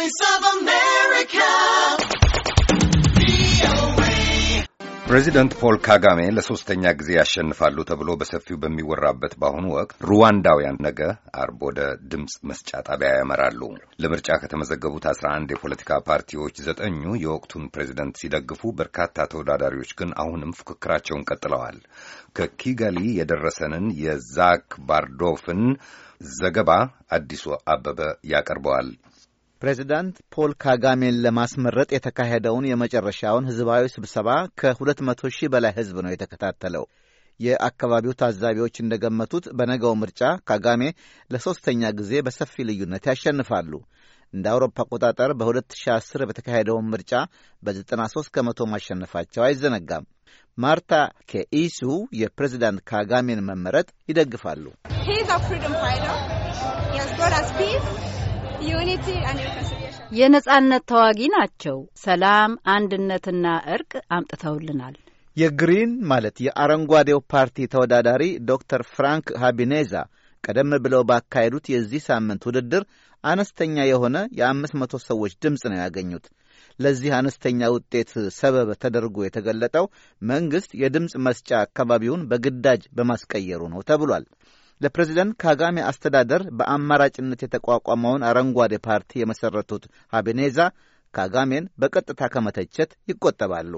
Voice of America. ፕሬዚደንት ፖል ካጋሜ ለሶስተኛ ጊዜ ያሸንፋሉ ተብሎ በሰፊው በሚወራበት በአሁኑ ወቅት ሩዋንዳውያን ነገ አርብ ወደ ድምፅ መስጫ ጣቢያ ያመራሉ። ለምርጫ ከተመዘገቡት አስራ አንድ የፖለቲካ ፓርቲዎች ዘጠኙ የወቅቱን ፕሬዚደንት ሲደግፉ፣ በርካታ ተወዳዳሪዎች ግን አሁንም ፉክክራቸውን ቀጥለዋል። ከኪጋሊ የደረሰንን የዛክ ባርዶፍን ዘገባ አዲሱ አበበ ያቀርበዋል። ፕሬዚዳንት ፖል ካጋሜን ለማስመረጥ የተካሄደውን የመጨረሻውን ሕዝባዊ ስብሰባ ከ200 ሺህ በላይ ሕዝብ ነው የተከታተለው። የአካባቢው ታዛቢዎች እንደገመቱት በነገው ምርጫ ካጋሜ ለሦስተኛ ጊዜ በሰፊ ልዩነት ያሸንፋሉ። እንደ አውሮፓ አቆጣጠር በ2010 በተካሄደውን ምርጫ በ93 ከመቶ ማሸነፋቸው አይዘነጋም። ማርታ ከኢሱ የፕሬዚዳንት ካጋሜን መመረጥ ይደግፋሉ። የነጻነት ተዋጊ ናቸው። ሰላም አንድነትና እርቅ አምጥተውልናል። የግሪን ማለት የአረንጓዴው ፓርቲ ተወዳዳሪ ዶክተር ፍራንክ ሃቢኔዛ ቀደም ብለው ባካሄዱት የዚህ ሳምንት ውድድር አነስተኛ የሆነ የአምስት መቶ ሰዎች ድምፅ ነው ያገኙት። ለዚህ አነስተኛ ውጤት ሰበብ ተደርጎ የተገለጠው መንግሥት የድምፅ መስጫ አካባቢውን በግዳጅ በማስቀየሩ ነው ተብሏል። ለፕሬዚደንት ካጋሜ አስተዳደር በአማራጭነት የተቋቋመውን አረንጓዴ ፓርቲ የመሠረቱት ሀቤኔዛ ካጋሜን በቀጥታ ከመተቸት ይቆጠባሉ።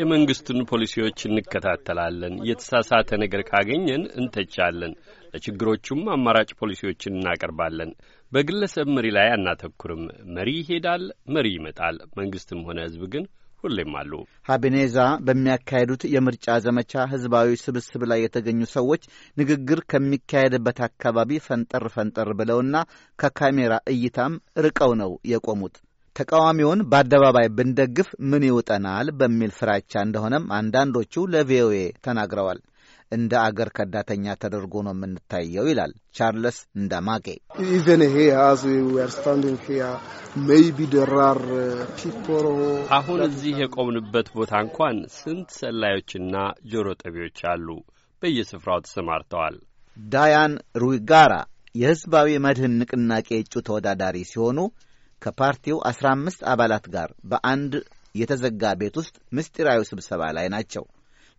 የመንግስቱን ፖሊሲዎች እንከታተላለን። የተሳሳተ ነገር ካገኘን እንተቻለን። ለችግሮቹም አማራጭ ፖሊሲዎችን እናቀርባለን። በግለሰብ መሪ ላይ አናተኩርም። መሪ ይሄዳል፣ መሪ ይመጣል። መንግስትም ሆነ ህዝብ ግን ሁሌም አሉ። ሀቤኔዛ በሚያካሄዱት የምርጫ ዘመቻ ህዝባዊ ስብስብ ላይ የተገኙ ሰዎች ንግግር ከሚካሄድበት አካባቢ ፈንጠር ፈንጠር ብለውና ከካሜራ እይታም ርቀው ነው የቆሙት። ተቃዋሚውን በአደባባይ ብንደግፍ ምን ይውጠናል በሚል ፍራቻ እንደሆነም አንዳንዶቹ ለቪኦኤ ተናግረዋል። እንደ አገር ከዳተኛ ተደርጎ ነው የምንታየው ይላል ቻርለስ እንዳማቄ። uh, አሁን እዚህ የቆምንበት ቦታ እንኳን ስንት ሰላዮችና ጆሮ ጠቢዎች አሉ፣ በየስፍራው ተሰማርተዋል። ዳያን ሩጋራ የሕዝባዊ መድህን ንቅናቄ እጩ ተወዳዳሪ ሲሆኑ ከፓርቲው አስራ አምስት አባላት ጋር በአንድ የተዘጋ ቤት ውስጥ ምስጢራዊ ስብሰባ ላይ ናቸው።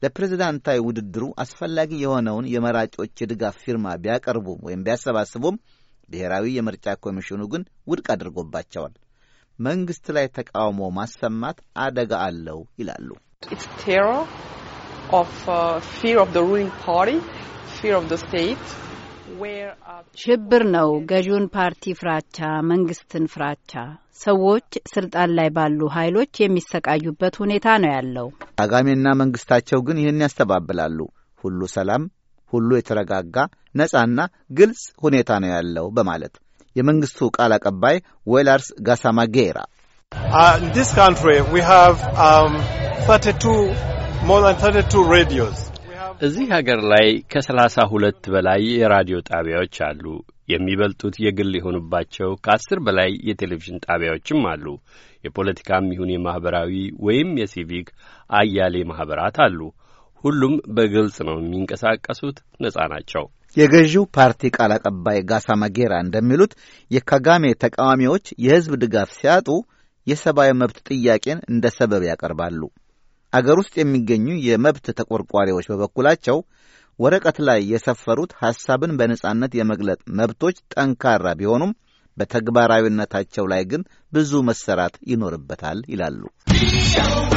ለፕሬዝዳንታዊ ውድድሩ አስፈላጊ የሆነውን የመራጮች የድጋፍ ፊርማ ቢያቀርቡም ወይም ቢያሰባስቡም ብሔራዊ የምርጫ ኮሚሽኑ ግን ውድቅ አድርጎባቸዋል። መንግሥት ላይ ተቃውሞ ማሰማት አደጋ አለው ይላሉ። ቴሮ ኦፍ ፊር ሩሊንግ ፓርቲ ፊር ኦፍ ስቴት ሽብር ነው ገዢውን ፓርቲ ፍራቻ፣ መንግስትን ፍራቻ፣ ሰዎች ስልጣን ላይ ባሉ ኃይሎች የሚሰቃዩበት ሁኔታ ነው ያለው። ታጋሜና መንግስታቸው ግን ይህን ያስተባብላሉ። ሁሉ ሰላም፣ ሁሉ የተረጋጋ ነጻና ግልጽ ሁኔታ ነው ያለው በማለት የመንግስቱ ቃል አቀባይ ዌላርስ ጋሳማጌራ ሞር ዛን 32 ሬዲዮስ እዚህ ሀገር ላይ ከሰላሳ ሁለት በላይ የራዲዮ ጣቢያዎች አሉ። የሚበልጡት የግል የሆኑባቸው ከአስር በላይ የቴሌቪዥን ጣቢያዎችም አሉ። የፖለቲካም ይሁን የማኅበራዊ ወይም የሲቪክ አያሌ ማኅበራት አሉ። ሁሉም በግልጽ ነው የሚንቀሳቀሱት፣ ነጻ ናቸው። የገዢው ፓርቲ ቃል አቀባይ ጋሳ ማጌራ እንደሚሉት የካጋሜ ተቃዋሚዎች የሕዝብ ድጋፍ ሲያጡ የሰብአዊ መብት ጥያቄን እንደ ሰበብ ያቀርባሉ። አገር ውስጥ የሚገኙ የመብት ተቆርቋሪዎች በበኩላቸው ወረቀት ላይ የሰፈሩት ሐሳብን በነጻነት የመግለጥ መብቶች ጠንካራ ቢሆኑም በተግባራዊነታቸው ላይ ግን ብዙ መሰራት ይኖርበታል ይላሉ።